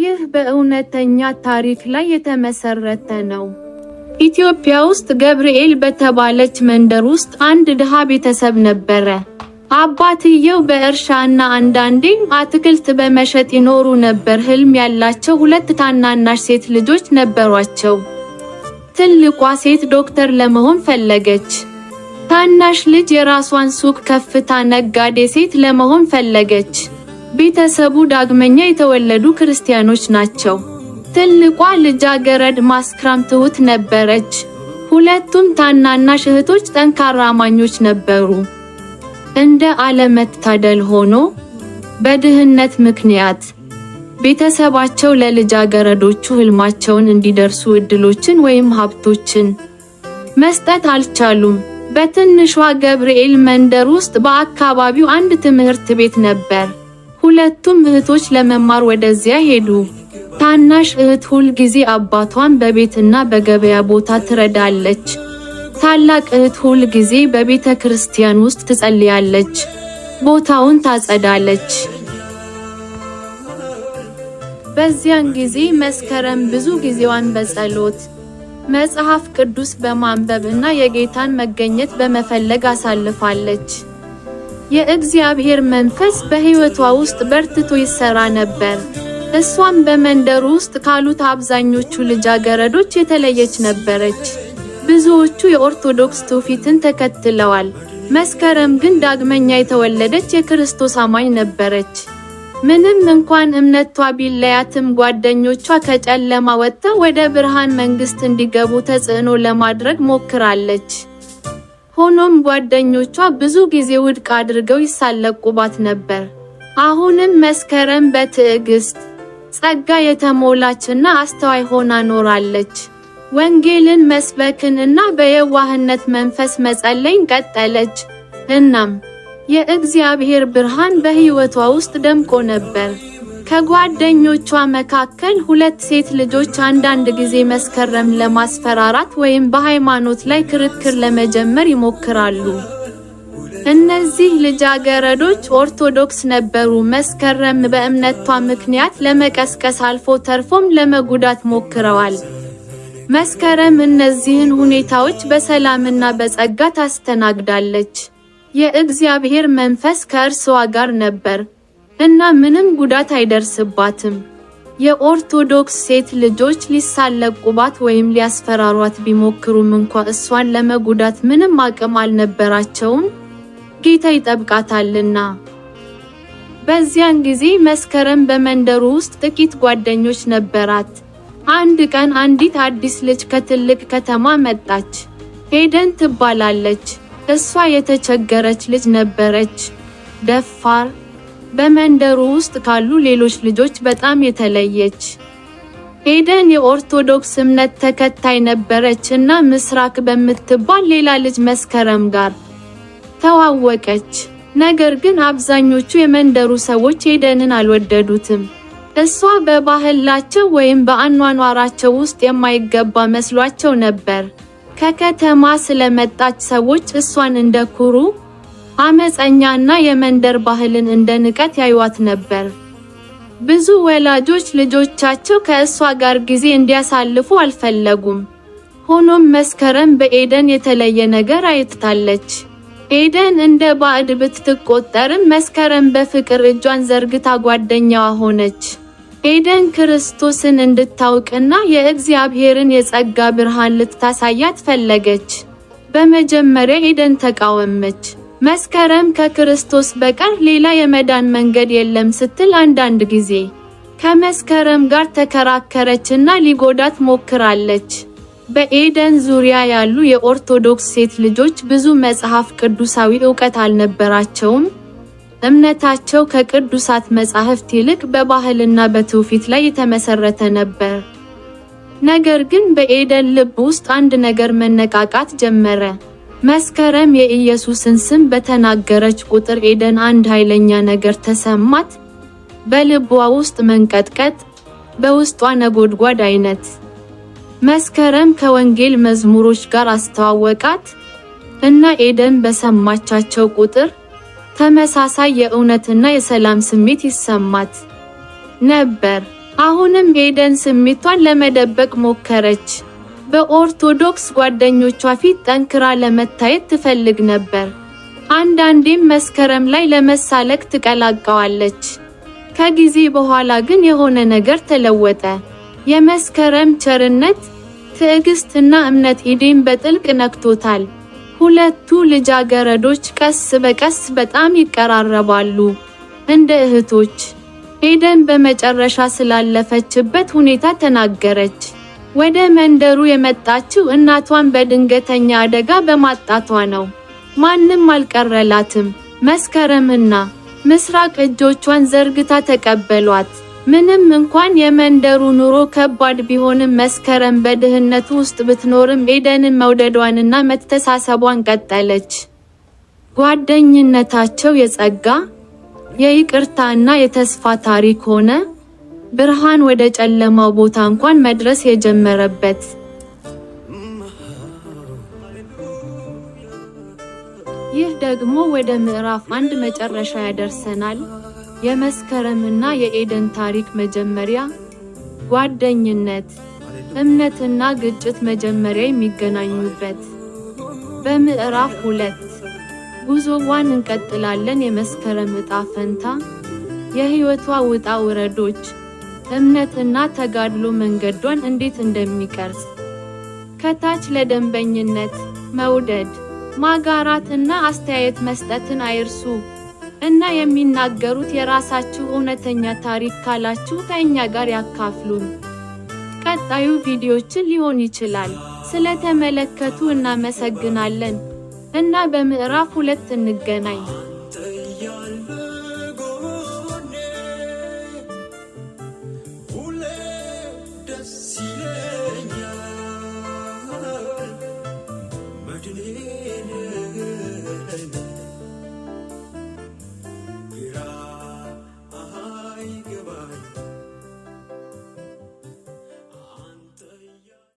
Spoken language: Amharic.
ይህ በእውነተኛ ታሪክ ላይ የተመሰረተ ነው። ኢትዮጵያ ውስጥ ገብርኤል በተባለች መንደር ውስጥ አንድ ድሃ ቤተሰብ ነበረ። አባትየው በእርሻና አንዳንዴም አትክልት በመሸጥ ይኖሩ ነበር። ህልም ያላቸው ሁለት ታናናሽ ሴት ልጆች ነበሯቸው። ትልቋ ሴት ዶክተር ለመሆን ፈለገች። ታናሽ ልጅ የራሷን ሱቅ ከፍታ ነጋዴ ሴት ለመሆን ፈለገች። ቤተሰቡ ዳግመኛ የተወለዱ ክርስቲያኖች ናቸው። ትልቋ ልጃገረድ ማስክራም ትሁት ነበረች። ሁለቱም ታናናሽ እህቶች ጠንካራ አማኞች ነበሩ። እንደ አለመታደል ሆኖ በድህነት ምክንያት ቤተሰባቸው ለልጃገረዶቹ ህልማቸውን እንዲደርሱ እድሎችን ወይም ሀብቶችን መስጠት አልቻሉም። በትንሿ ገብርኤል መንደር ውስጥ በአካባቢው አንድ ትምህርት ቤት ነበር። ሁለቱም እህቶች ለመማር ወደዚያ ሄዱ። ታናሽ እህት ሁል ጊዜ አባቷን በቤትና በገበያ ቦታ ትረዳለች። ታላቅ እህት ሁል ጊዜ በቤተ ክርስቲያን ውስጥ ትጸልያለች፣ ቦታውን ታጸዳለች። በዚያን ጊዜ መስከረም ብዙ ጊዜዋን በጸሎት መጽሐፍ ቅዱስ በማንበብ እና የጌታን መገኘት በመፈለግ አሳልፋለች። የእግዚአብሔር መንፈስ በሕይወቷ ውስጥ በርትቶ ይሠራ ነበር። እሷም በመንደር ውስጥ ካሉት አብዛኞቹ ልጃገረዶች የተለየች ነበረች። ብዙዎቹ የኦርቶዶክስ ትውፊትን ተከትለዋል። መስከረም ግን ዳግመኛ የተወለደች የክርስቶስ አማኝ ነበረች። ምንም እንኳን እምነቷ ቢለያትም ጓደኞቿ ከጨለማ ወጥተው ወደ ብርሃን መንግሥት እንዲገቡ ተጽዕኖ ለማድረግ ሞክራለች። ሆኖም ጓደኞቿ ብዙ ጊዜ ውድቅ አድርገው ይሳለቁባት ነበር። አሁንም መስከረም በትዕግስት ጸጋ የተሞላችና አስተዋይ ሆና ኖራለች። ወንጌልን መስበክንና በየዋህነት መንፈስ መጸለይን ቀጠለች። እናም የእግዚአብሔር ብርሃን በሕይወቷ ውስጥ ደምቆ ነበር። ከጓደኞቿ መካከል ሁለት ሴት ልጆች አንዳንድ ጊዜ መስከረም ለማስፈራራት ወይም በሃይማኖት ላይ ክርክር ለመጀመር ይሞክራሉ። እነዚህ ልጃገረዶች ኦርቶዶክስ ነበሩ። መስከረም በእምነቷ ምክንያት ለመቀስቀስ አልፎ ተርፎም ለመጉዳት ሞክረዋል። መስከረም እነዚህን ሁኔታዎች በሰላምና በጸጋ ታስተናግዳለች። የእግዚአብሔር መንፈስ ከእርስዋ ጋር ነበር። እና ምንም ጉዳት አይደርስባትም። የኦርቶዶክስ ሴት ልጆች ሊሳለቁባት ወይም ሊያስፈራሯት ቢሞክሩም እንኳ እሷን ለመጉዳት ምንም አቅም አልነበራቸውም፣ ጌታ ይጠብቃታልና። በዚያን ጊዜ መስከረም በመንደሩ ውስጥ ጥቂት ጓደኞች ነበራት። አንድ ቀን አንዲት አዲስ ልጅ ከትልቅ ከተማ መጣች። ሄደን ትባላለች። እሷ የተቸገረች ልጅ ነበረች፣ ደፋር በመንደሩ ውስጥ ካሉ ሌሎች ልጆች በጣም የተለየች። ሄደን የኦርቶዶክስ እምነት ተከታይ ነበረች እና ምስራቅ በምትባል ሌላ ልጅ መስከረም ጋር ተዋወቀች። ነገር ግን አብዛኞቹ የመንደሩ ሰዎች ሄደንን አልወደዱትም። እሷ በባህላቸው ወይም በአኗኗራቸው ውስጥ የማይገባ መስሏቸው ነበር። ከከተማ ስለመጣች ሰዎች እሷን እንደ ኩሩ አመፀኛና የመንደር ባህልን እንደ ንቀት ያዩዋት ነበር። ብዙ ወላጆች ልጆቻቸው ከእሷ ጋር ጊዜ እንዲያሳልፉ አልፈለጉም። ሆኖም መስከረም በኤደን የተለየ ነገር አይታለች። ኤደን እንደ ባዕድ ብትቆጠርም መስከረም በፍቅር እጇን ዘርግታ ጓደኛዋ ሆነች። ኤደን ክርስቶስን እንድታውቅና የእግዚአብሔርን የጸጋ ብርሃን ልትታሳያት ፈለገች። በመጀመሪያ ኤደን ተቃወመች። መስከረም ከክርስቶስ በቀር ሌላ የመዳን መንገድ የለም ስትል አንዳንድ ጊዜ ከመስከረም ጋር ተከራከረችና ሊጎዳት ሞክራለች። በኤደን ዙሪያ ያሉ የኦርቶዶክስ ሴት ልጆች ብዙ መጽሐፍ ቅዱሳዊ ዕውቀት አልነበራቸውም። እምነታቸው ከቅዱሳት መጻሕፍት ይልቅ በባህልና በትውፊት ላይ የተመሰረተ ነበር። ነገር ግን በኤደን ልብ ውስጥ አንድ ነገር መነቃቃት ጀመረ። መስከረም የኢየሱስን ስም በተናገረች ቁጥር ኤደን አንድ ኃይለኛ ነገር ተሰማት። በልቧ ውስጥ መንቀጥቀጥ፣ በውስጧ ነጎድጓድ አይነት። መስከረም ከወንጌል መዝሙሮች ጋር አስተዋወቃት እና ኤደን በሰማቻቸው ቁጥር ተመሳሳይ የእውነትና የሰላም ስሜት ይሰማት ነበር። አሁንም ኤደን ስሜቷን ለመደበቅ ሞከረች። በኦርቶዶክስ ጓደኞቿ ፊት ጠንክራ ለመታየት ትፈልግ ነበር። አንዳንዴም መስከረም ላይ ለመሳለቅ ትቀላቀዋለች። ከጊዜ በኋላ ግን የሆነ ነገር ተለወጠ። የመስከረም ቸርነት፣ ትዕግስትና እምነት ኢዴን በጥልቅ ነክቶታል። ሁለቱ ልጃገረዶች ቀስ በቀስ በጣም ይቀራረባሉ፣ እንደ እህቶች። ኤደን በመጨረሻ ስላለፈችበት ሁኔታ ተናገረች። ወደ መንደሩ የመጣችው እናቷን በድንገተኛ አደጋ በማጣቷ ነው። ማንም አልቀረላትም። መስከረምና ምስራቅ እጆቿን ዘርግታ ተቀበሏት። ምንም እንኳን የመንደሩ ኑሮ ከባድ ቢሆንም መስከረም በድህነቱ ውስጥ ብትኖርም ኤደንን መውደዷንና መተሳሰቧን ቀጠለች። ጓደኝነታቸው የጸጋ የይቅርታና የተስፋ ታሪክ ሆነ። ብርሃን ወደ ጨለማው ቦታ እንኳን መድረስ የጀመረበት ይህ ደግሞ ወደ ምዕራፍ አንድ መጨረሻ ያደርሰናል። የመስከረምና የኤደን ታሪክ መጀመሪያ፣ ጓደኝነት፣ እምነትና ግጭት መጀመሪያ የሚገናኙበት። በምዕራፍ ሁለት ጉዞዋን እንቀጥላለን። የመስከረም እጣ ፈንታ፣ የህይወቷ ውጣ ውረዶች እምነትና ተጋድሎ መንገዷን እንዴት እንደሚቀርጽ ከታች ለደንበኝነት መውደድ፣ ማጋራትና አስተያየት መስጠትን አይርሱ እና የሚናገሩት የራሳችሁ እውነተኛ ታሪክ ካላችሁ ከእኛ ጋር ያካፍሉን። ቀጣዩ ቪዲዮችን ሊሆን ይችላል። ስለተመለከቱ እናመሰግናለን እና በምዕራፍ ሁለት እንገናኝ።